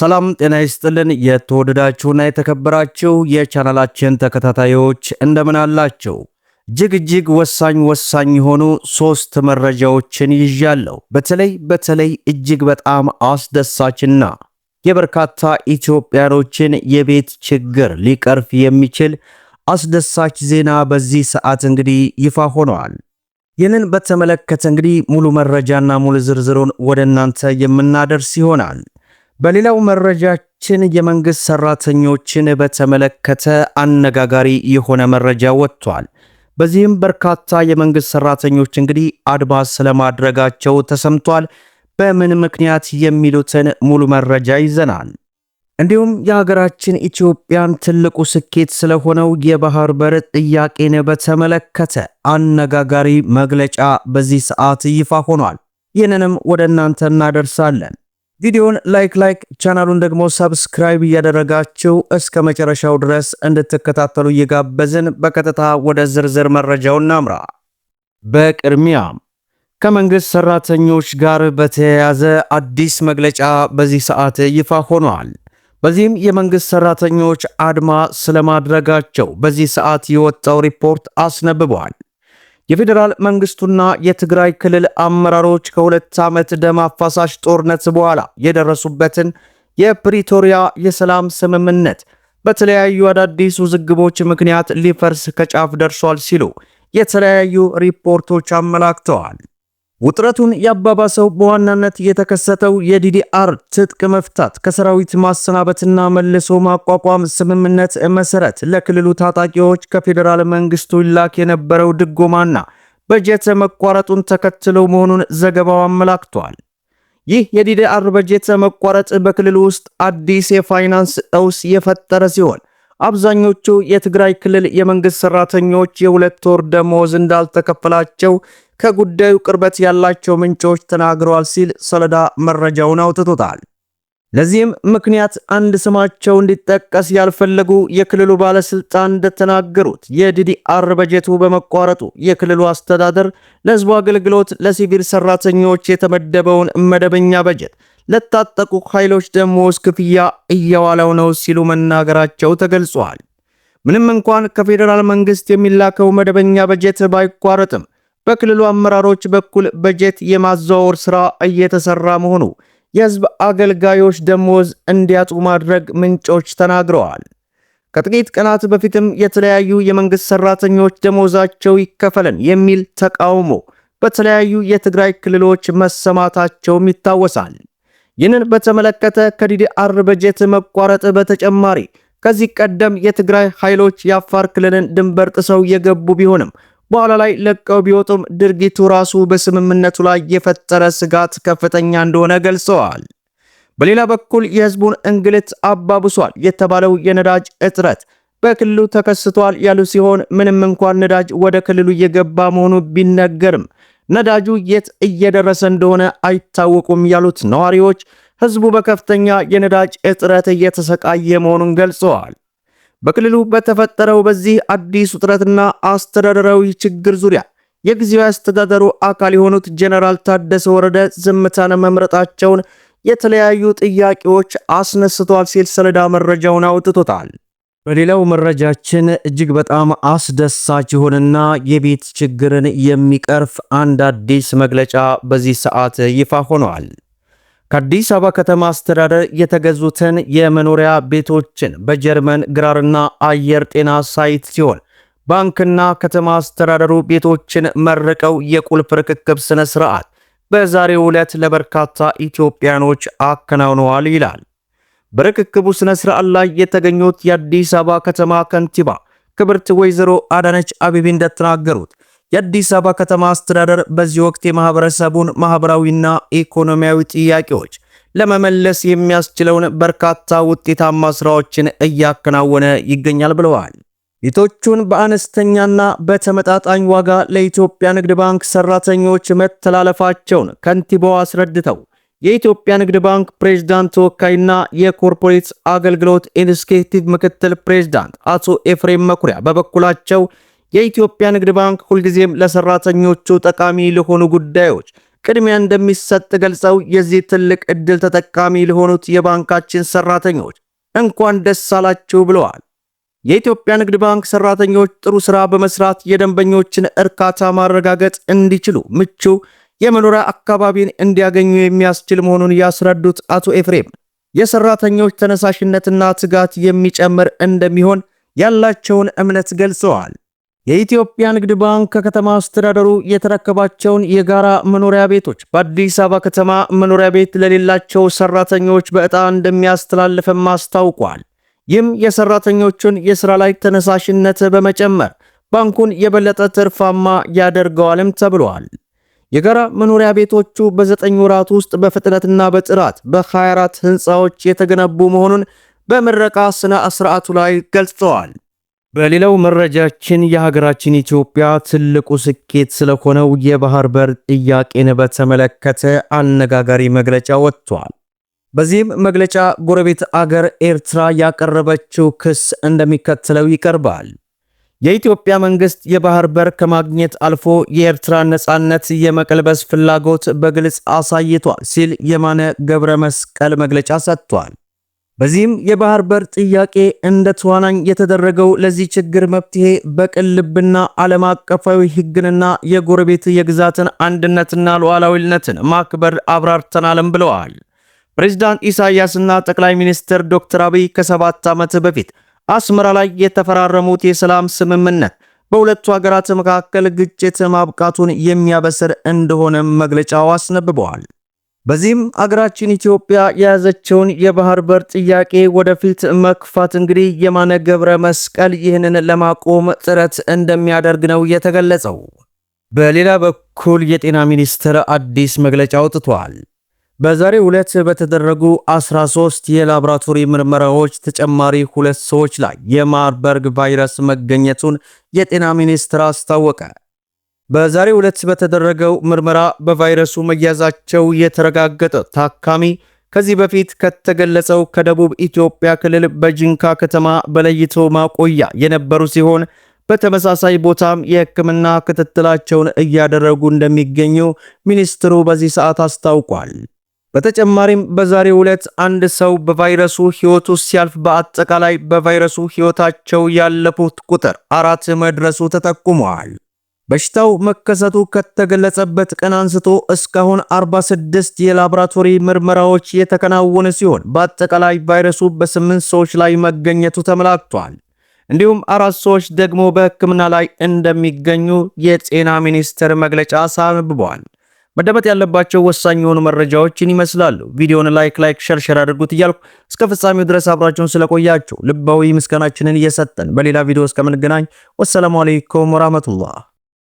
ሰላም ጤና ይስጥልን። የተወደዳችሁና የተከበራችሁ የቻናላችን ተከታታዮች እንደምን አላችሁ? እጅግ እጅግ ወሳኝ ወሳኝ የሆኑ ሶስት መረጃዎችን ይዣለሁ። በተለይ በተለይ እጅግ በጣም አስደሳችና የበርካታ ኢትዮጵያኖችን የቤት ችግር ሊቀርፍ የሚችል አስደሳች ዜና በዚህ ሰዓት እንግዲህ ይፋ ሆኗል። ይህንን በተመለከተ እንግዲህ ሙሉ መረጃና ሙሉ ዝርዝሩን ወደ እናንተ የምናደርስ ይሆናል። በሌላው መረጃችን የመንግስት ሰራተኞችን በተመለከተ አነጋጋሪ የሆነ መረጃ ወጥቷል። በዚህም በርካታ የመንግስት ሰራተኞች እንግዲህ አድማስ ስለማድረጋቸው ተሰምቷል። በምን ምክንያት የሚሉትን ሙሉ መረጃ ይዘናል። እንዲሁም የሀገራችን ኢትዮጵያን ትልቁ ስኬት ስለሆነው የባህር በር ጥያቄን በተመለከተ አነጋጋሪ መግለጫ በዚህ ሰዓት ይፋ ሆኗል። ይህንንም ወደ እናንተ እናደርሳለን። ቪዲዮን ላይክ ላይክ ቻናሉን ደግሞ ሰብስክራይብ እያደረጋችሁ እስከ መጨረሻው ድረስ እንድትከታተሉ እየጋበዝን በቀጥታ ወደ ዝርዝር መረጃው እናምራ። በቅድሚያም ከመንግስት ሰራተኞች ጋር በተያያዘ አዲስ መግለጫ በዚህ ሰዓት ይፋ ሆኗል። በዚህም የመንግስት ሰራተኞች አድማ ስለማድረጋቸው በዚህ ሰዓት የወጣው ሪፖርት አስነብቧል። የፌዴራል መንግስቱና የትግራይ ክልል አመራሮች ከሁለት ዓመት ደም አፋሳሽ ጦርነት በኋላ የደረሱበትን የፕሪቶሪያ የሰላም ስምምነት በተለያዩ አዳዲስ ውዝግቦች ምክንያት ሊፈርስ ከጫፍ ደርሷል ሲሉ የተለያዩ ሪፖርቶች አመላክተዋል። ውጥረቱን ያባባሰው በዋናነት የተከሰተው የዲዲአር ትጥቅ መፍታት ከሰራዊት ማሰናበትና መልሶ ማቋቋም ስምምነት መሰረት ለክልሉ ታጣቂዎች ከፌዴራል መንግስቱ ይላክ የነበረው ድጎማና በጀት መቋረጡን ተከትሎ መሆኑን ዘገባው አመላክቷል። ይህ የዲዲአር በጀት መቋረጥ በክልሉ ውስጥ አዲስ የፋይናንስ ቀውስ የፈጠረ ሲሆን አብዛኞቹ የትግራይ ክልል የመንግስት ሰራተኞች የሁለት ወር ደሞዝ እንዳልተከፈላቸው ከጉዳዩ ቅርበት ያላቸው ምንጮች ተናግረዋል ሲል ሰለዳ መረጃውን አውጥቶታል። ለዚህም ምክንያት አንድ ስማቸው እንዲጠቀስ ያልፈለጉ የክልሉ ባለስልጣን እንደተናገሩት የዲዲአር በጀቱ በመቋረጡ የክልሉ አስተዳደር ለሕዝቡ አገልግሎት ለሲቪል ሰራተኞች የተመደበውን መደበኛ በጀት ለታጠቁ ኃይሎች ደሞዝ ክፍያ እየዋለው ነው ሲሉ መናገራቸው ተገልጿል። ምንም እንኳን ከፌዴራል መንግስት የሚላከው መደበኛ በጀት ባይቋረጥም በክልሉ አመራሮች በኩል በጀት የማዘዋወር ስራ እየተሰራ መሆኑ የህዝብ አገልጋዮች ደሞዝ እንዲያጡ ማድረግ ምንጮች ተናግረዋል። ከጥቂት ቀናት በፊትም የተለያዩ የመንግሥት ሠራተኞች ደሞዛቸው ይከፈለን የሚል ተቃውሞ በተለያዩ የትግራይ ክልሎች መሰማታቸውም ይታወሳል። ይህንን በተመለከተ ከዲዲአር በጀት መቋረጥ በተጨማሪ ከዚህ ቀደም የትግራይ ኃይሎች የአፋር ክልልን ድንበር ጥሰው የገቡ ቢሆንም በኋላ ላይ ለቀው ቢወጡም ድርጊቱ ራሱ በስምምነቱ ላይ የፈጠረ ስጋት ከፍተኛ እንደሆነ ገልጸዋል። በሌላ በኩል የህዝቡን እንግልት አባብሷል የተባለው የነዳጅ እጥረት በክልሉ ተከስቷል ያሉ ሲሆን ምንም እንኳን ነዳጅ ወደ ክልሉ እየገባ መሆኑ ቢነገርም ነዳጁ የት እየደረሰ እንደሆነ አይታወቁም ያሉት ነዋሪዎች ህዝቡ በከፍተኛ የነዳጅ እጥረት እየተሰቃየ መሆኑን ገልጸዋል። በክልሉ በተፈጠረው በዚህ አዲስ ውጥረትና አስተዳደራዊ ችግር ዙሪያ የጊዜያዊ አስተዳደሩ አካል የሆኑት ጄኔራል ታደሰ ወረደ ዝምታን መምረጣቸውን የተለያዩ ጥያቄዎች አስነስቷል ሲል ሰሌዳ መረጃውን አውጥቶታል። በሌላው መረጃችን እጅግ በጣም አስደሳች የሆነና የቤት ችግርን የሚቀርፍ አንድ አዲስ መግለጫ በዚህ ሰዓት ይፋ ሆኗል። ከአዲስ አበባ ከተማ አስተዳደር የተገዙትን የመኖሪያ ቤቶችን በጀርመን ግራርና አየር ጤና ሳይት ሲሆን ባንክና ከተማ አስተዳደሩ ቤቶችን መርቀው የቁልፍ ርክክብ ስነ ስርዓት በዛሬው ዕለት ለበርካታ ኢትዮጵያኖች አከናውነዋል ይላል። በርክክቡ ስነ ስርዓት ላይ የተገኙት የአዲስ አበባ ከተማ ከንቲባ ክብርት ወይዘሮ አዳነች አቤቤ እንደተናገሩት የአዲስ አበባ ከተማ አስተዳደር በዚህ ወቅት የማህበረሰቡን ማህበራዊና ኢኮኖሚያዊ ጥያቄዎች ለመመለስ የሚያስችለውን በርካታ ውጤታማ ስራዎችን እያከናወነ ይገኛል ብለዋል። ቤቶቹን በአነስተኛና በተመጣጣኝ ዋጋ ለኢትዮጵያ ንግድ ባንክ ሰራተኞች መተላለፋቸውን ከንቲባው አስረድተው የኢትዮጵያ ንግድ ባንክ ፕሬዝዳንት ተወካይና የኮርፖሬት አገልግሎት ኢንስኬቲቭ ምክትል ፕሬዝዳንት አቶ ኤፍሬም መኩሪያ በበኩላቸው የኢትዮጵያ ንግድ ባንክ ሁልጊዜም ለሰራተኞቹ ጠቃሚ ለሆኑ ጉዳዮች ቅድሚያ እንደሚሰጥ ገልጸው የዚህ ትልቅ ዕድል ተጠቃሚ ለሆኑት የባንካችን ሰራተኞች እንኳን ደስ አላችሁ ብለዋል። የኢትዮጵያ ንግድ ባንክ ሰራተኞች ጥሩ ስራ በመስራት የደንበኞችን እርካታ ማረጋገጥ እንዲችሉ ምቹ የመኖሪያ አካባቢን እንዲያገኙ የሚያስችል መሆኑን ያስረዱት አቶ ኤፍሬም የሰራተኞች ተነሳሽነትና ትጋት የሚጨምር እንደሚሆን ያላቸውን እምነት ገልጸዋል። የኢትዮጵያ ንግድ ባንክ ከከተማ አስተዳደሩ የተረከባቸውን የጋራ መኖሪያ ቤቶች በአዲስ አበባ ከተማ መኖሪያ ቤት ለሌላቸው ሰራተኞች በዕጣ እንደሚያስተላልፍም አስታውቋል። ይህም የሰራተኞቹን የሥራ ላይ ተነሳሽነት በመጨመር ባንኩን የበለጠ ትርፋማ ያደርገዋልም ተብሏል። የጋራ መኖሪያ ቤቶቹ በዘጠኝ ወራት ውስጥ በፍጥነትና በጥራት በ24 ሕንፃዎች የተገነቡ መሆኑን በምረቃ ሥነ ሥርዓቱ ላይ ገልጸዋል። በሌላው መረጃችን የሀገራችን ኢትዮጵያ ትልቁ ስኬት ስለሆነው የባህር በር ጥያቄን በተመለከተ አነጋጋሪ መግለጫ ወጥቷል። በዚህም መግለጫ ጎረቤት አገር ኤርትራ ያቀረበችው ክስ እንደሚከተለው ይቀርባል። የኢትዮጵያ መንግስት የባህር በር ከማግኘት አልፎ የኤርትራ ነፃነት የመቀልበስ ፍላጎት በግልጽ አሳይቷል ሲል የማነ ገብረ መስቀል መግለጫ ሰጥቷል። በዚህም የባህር በር ጥያቄ እንደ ተዋናኝ የተደረገው ለዚህ ችግር መፍትሄ በቅን ልብና ዓለም አቀፋዊ ሕግንና የጎረቤት የግዛትን አንድነትና ሉዓላዊነትን ማክበር አብራርተናልም ብለዋል። ፕሬዚዳንት ኢሳያስና ጠቅላይ ሚኒስትር ዶክተር አብይ ከሰባት ዓመት በፊት አስመራ ላይ የተፈራረሙት የሰላም ስምምነት በሁለቱ ሀገራት መካከል ግጭት ማብቃቱን የሚያበስር እንደሆነ መግለጫው አስነብበዋል። በዚህም አገራችን ኢትዮጵያ የያዘችውን የባህር በር ጥያቄ ወደፊት መክፋት እንግዲህ የማነ ገብረ መስቀል ይህንን ለማቆም ጥረት እንደሚያደርግ ነው የተገለጸው። በሌላ በኩል የጤና ሚኒስቴር አዲስ መግለጫ አውጥቷል። በዛሬ ሁለት በተደረጉ 13 የላብራቶሪ ምርመራዎች ተጨማሪ ሁለት ሰዎች ላይ የማርበርግ ቫይረስ መገኘቱን የጤና ሚኒስቴር አስታወቀ። በዛሬው ዕለት በተደረገው ምርመራ በቫይረሱ መያዛቸው የተረጋገጠ ታካሚ ከዚህ በፊት ከተገለጸው ከደቡብ ኢትዮጵያ ክልል በጂንካ ከተማ በለይቶ ማቆያ የነበሩ ሲሆን በተመሳሳይ ቦታም የሕክምና ክትትላቸውን እያደረጉ እንደሚገኙ ሚኒስትሩ በዚህ ሰዓት አስታውቋል። በተጨማሪም በዛሬው ዕለት አንድ ሰው በቫይረሱ ሕይወቱ ሲያልፍ በአጠቃላይ በቫይረሱ ሕይወታቸው ያለፉት ቁጥር አራት መድረሱ ተጠቁመዋል። በሽታው መከሰቱ ከተገለጸበት ቀን አንስቶ እስካሁን 46 የላብራቶሪ ምርመራዎች የተከናወነ ሲሆን በአጠቃላይ ቫይረሱ በስምንት ሰዎች ላይ መገኘቱ ተመላክቷል። እንዲሁም አራት ሰዎች ደግሞ በሕክምና ላይ እንደሚገኙ የጤና ሚኒስቴር መግለጫ አሳብቧል። መደመጥ ያለባቸው ወሳኝ የሆኑ መረጃዎችን ይመስላሉ። ቪዲዮን ላይክ ላይክ ሸር ሸርሸር አድርጉት እያልኩ እስከ ፍጻሜው ድረስ አብራችሁን ስለቆያችሁ ልባዊ ምስጋናችንን እየሰጠን በሌላ ቪዲዮ እስከምንገናኝ ወሰላሙ አሌይኩም ወራህመቱላህ